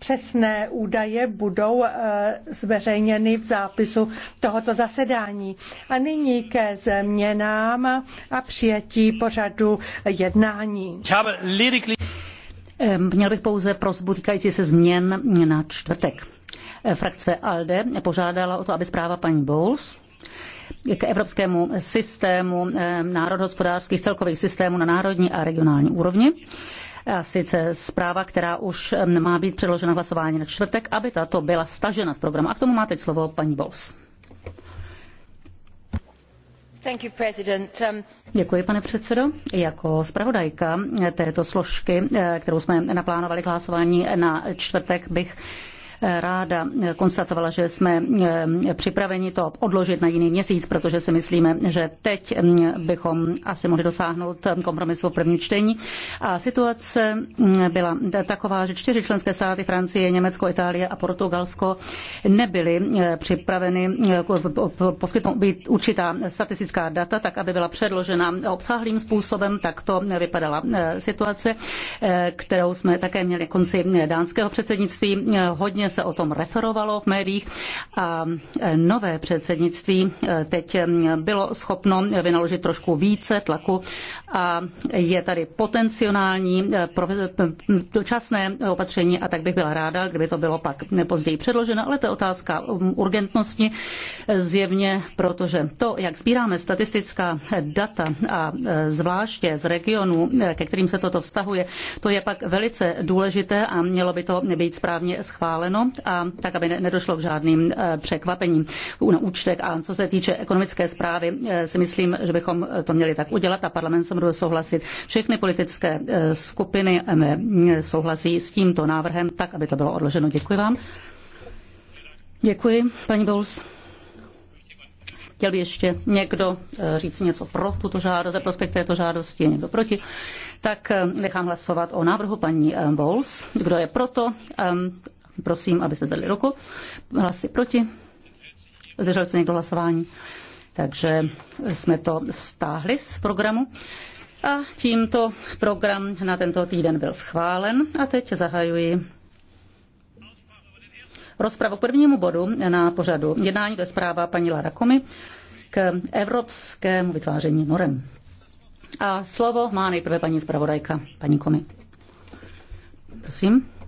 Přesné údaje budou eh, zveřejněny v zápisu tohoto zasedání. A nyní ke změnám a přijetí pořadu jednání. Měl bych pouze prosbu týkající se změn na čtvrtek. Eh, frakce ALDE požádala o to, aby zpráva paní Bowles k evropskému systému eh, národhospodářských celkových systémů na národní a regionální úrovni a sice zpráva, která už má být předložena hlasování na čtvrtek, aby tato byla stažena z programu. A k tomu má teď slovo paní Bous. You, um... Děkuji, pane předsedo. Jako zpravodajka této složky, eh, kterou jsme naplánovali k hlasování na čtvrtek, bych ráda konstatovala, že jsme eh, připraveni to odložit na jiný měsíc, protože si myslíme, že teď hm, bychom asi mohli dosáhnout hm, kompromisu v prvním čtení. A situace hm, byla taková, že čtyři členské státy, Francie, Německo, Itálie a Portugalsko, nebyly eh, připraveny eh, poskytnout být určitá statistická data, tak aby byla předložena obsáhlým způsobem, tak to vypadala situace, kterou jsme také měli konci dánského předsednictví. Hodně se o tom referovalo v médiích a e, nové předsednictví e, teď e, bylo schopno vynaložit trošku více tlaku a je tady potenciální dočasné opatření a tak bych byla ráda, kdyby to bylo pak později předloženo, ale to je otázka um, urgentnosti zjevně, protože to, jak sbíráme statistická data a zvláště z regionu, ke kterým se toto vztahuje, to je pak velice důležité a mělo by to být správně schváleno uvedeno, a tak, aby nedošlo k žádným eh, překvapením na účtech. A co se týče ekonomické zprávy, eh, si myslím, že bychom eh, to měli tak udělat a parlament se bude souhlasit. Všechny politické skupiny souhlasí s tímto návrhem, tak, aby to bylo odloženo. Děkuji vám. Děkuji, paní Bouls. Chtěl by ještě někdo říct něco pro tuto žádost, prospekt této žádosti, někdo proti? Tak nechám hlasovat o návrhu paní Bowles. Kdo je proto? Prosím, abyste zvedli ruku. Hlasy proti. Zdržel se někdo hlasování. Takže jsme to stáhli z programu. A tímto program na tento týden byl schválen. A teď zahajuji rozpravu k prvnímu bodu na pořadu jednání. To je zpráva paní Lara Komi k evropskému vytváření norem. A slovo má nejprve paní zpravodajka, paní Komi. Prosím.